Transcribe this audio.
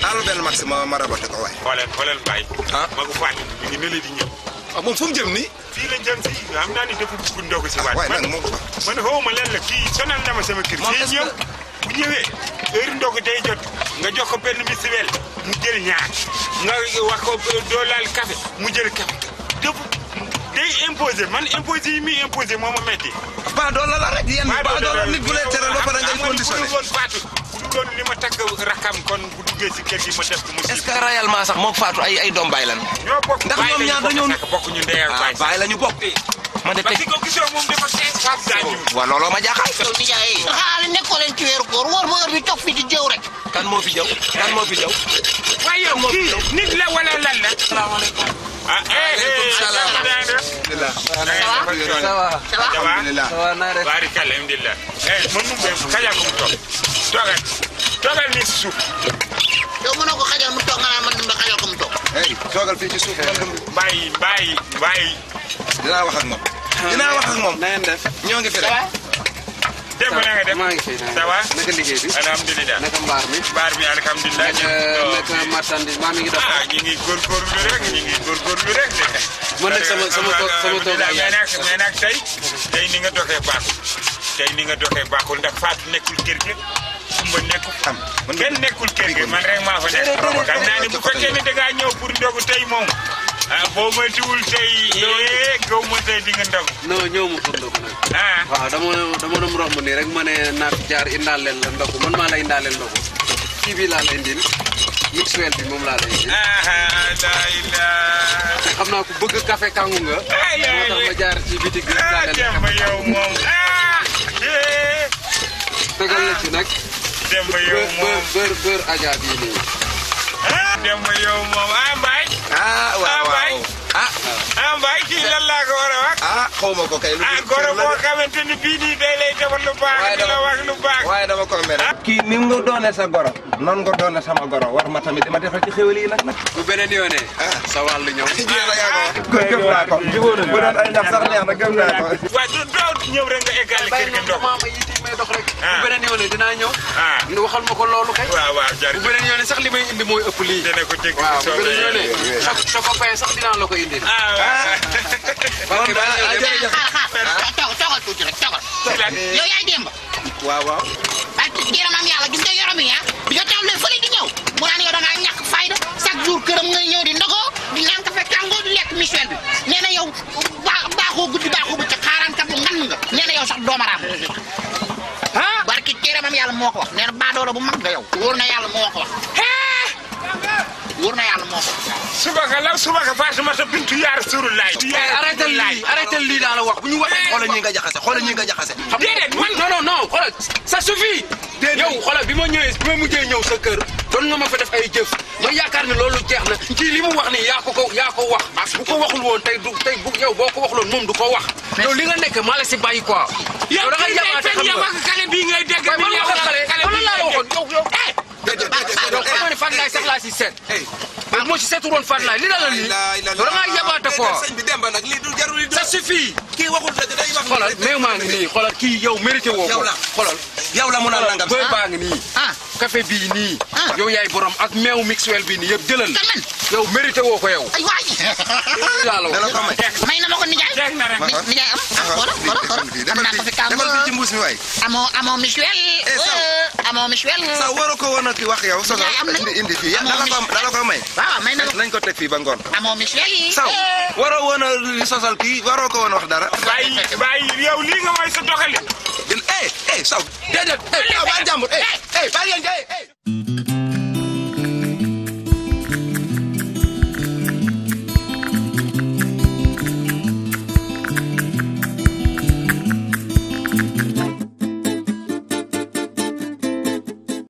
taal benn max ma ma rabate ko waaye. xoolal xoolal Baye. Ah. ma ko fàttali ñu ngi nële di ñëw. ah fu mu jëm nii. fii la si xam naa ne dafa bëgg si waat. Ah, man xaw ma la kii sonal na ma sama kër. moom est ñëw bu ñëwee heure ndogu day jot nga jox ko benn misiwel mu jël ñaar nga wax ko doo laal mu jël café dëpp day imposé man imposé yi muy imposé moo ma métti. baadoolo la rek yéen baadoolo nit tere ba pare ngay conditionné bu doon ma takk rakam kon bu duggee si kër gi ma def ko mu est-ce que ñu ndey ak ah, baay baay la ñu bokk man de tey parce que gisoo moom dafa seen fi jëw kan moo fi jëw kan moo fi jëw waaye yow kii nit la wala lan la salaamaaleykum aleykum salaam a alhamdulilah barika alhamdulilah eh mën nu mbéy mu toog toogal toogal nii si suuf yow mu toog nga naan man dum da xajal ko fii ci suuf bàyyi bàyyi bàyyi dinaa wax moom dinaa na ngeen def ñoo ngi fi démb na nga def maa ngi fi ça va naka liggéey bi alhamdulilah naka mbaar mi mbaar mi alhamdulilah naka marchandise maa mi ngi dox ah ñu ngi góorgóorlu rek ñu ngi góorgóorlu rek de man nag sama sama sama doom ak yaay mais nag tey tey ni nga doxee baaxul tey ni nga doxee baaxul ndax Fatou nekkul kër gi Kumba nekkul xam kenn nekkul kër gi man rek maa fa nekk xam naa ne bu fekkee ne da ngaa ñëw pour ndogu tey moom foo moytuwul tey gaw ma tey di nga ndog non ñëw ma pour ndog nag waaw dama dama doon romb nii rek ma ne jaar la man lay bi lay indil mixwell bi lay indil te xam naa ku bëgg café kangu nga moo ma jaar ci bitig laa leen dem yow moom tegal la ci nag dem yow moom bër bër ajaab yi nii dem yow ah ah waaw ah, waaw ah. ah kii lan laa ko war a wax. Ah, ma ko kay. lu ah goro boo xamante ni bii nii day lay defal baax. waaye dama di baax. waaye dama ko mer. kii ni mu doone sa goro. non nga sama goro war ma tamit dima defal ci xéwal nak nak nag bu beneen yoone ah sa walu ñew ci jéem a yaa ko gëm naa ko woon bu doon ay ndax sax neex na gëm na ko waaye du daaw rek nga égal kër gi ndox mama yi di may dox rek bu benen yone dina ñew ah waxal mako lolu kay wa wa jaar bu benen yone sax limay indi moy ëpp li dana ko dégg waaw bu beneen sax ko fay sax dina la ko indi ah barke ba la jërëjëf taxal taxal tuuti rek taxal yow yaay démb waaw waaw barke yaramam yàlla gis nga yaram yi baaxoo guddi baaxoo bëccëg xaaraan kat bu ngan nga nee na sax doomaraam ah barki céeramam yàlla moo ko wax nee na bu mag nga yow na yàlla moo ko wax wóor na yàlla moo ko. subaka la subaka Fatimata bintu yaa Rasulullaay. arrêté lii arrêté lii daal a wax bu ñu waxee xoolal ñii nga jaxase xoolal ñii nga jaxase. déedéet man non non non xoolal ça suffit. déedéet bi ma ñëwee bi ma mujjee ñëw sa kër. doon nga fa def jëf ma yaakaar ne loolu jeex na ci li mu wax ni yaa ko wax bu ko waxul woon tey du tey boo ko waxul woon moom du ko wax. yow li nga nekk maa la si bàyyi quoi. yow da nga Faatlaay sax laa si seet. ah moo si seetul woon Faatlaay li la la nii. da ngaa yabaate quoi sëñ a Demba nag lii du jarul lii. ça suffit. kii waxul dëgg day wax. xoolal mais maa la xoolal yow la a ngi nii. Ah. café bii nii. Ah. yow yaay borom ak meew mixwel bii nii yëpp jëlal. yow mérité woo ko yow. ay waay. may na ma ko nijaay. teg na rek nijaay am. xoolal xoolal am fi tàngoor bi ci mbuus mi waay. amoo amoo mixwel. Eh, amoo mixwel. ko woon a wax yow. nijaay am nañu indi fii dala ko may. waaw may na nañ ko teg fii ba ngoon. amoo mixwel yi. saw waroo woon a sosal kii waroo ko woon a wax dara. bàyyi bàyyi yow lii nga may sa doxali. saw. Hey, hey, hey, hey, hey, hey, hey, hey, hey, hey, hey, hey, hey,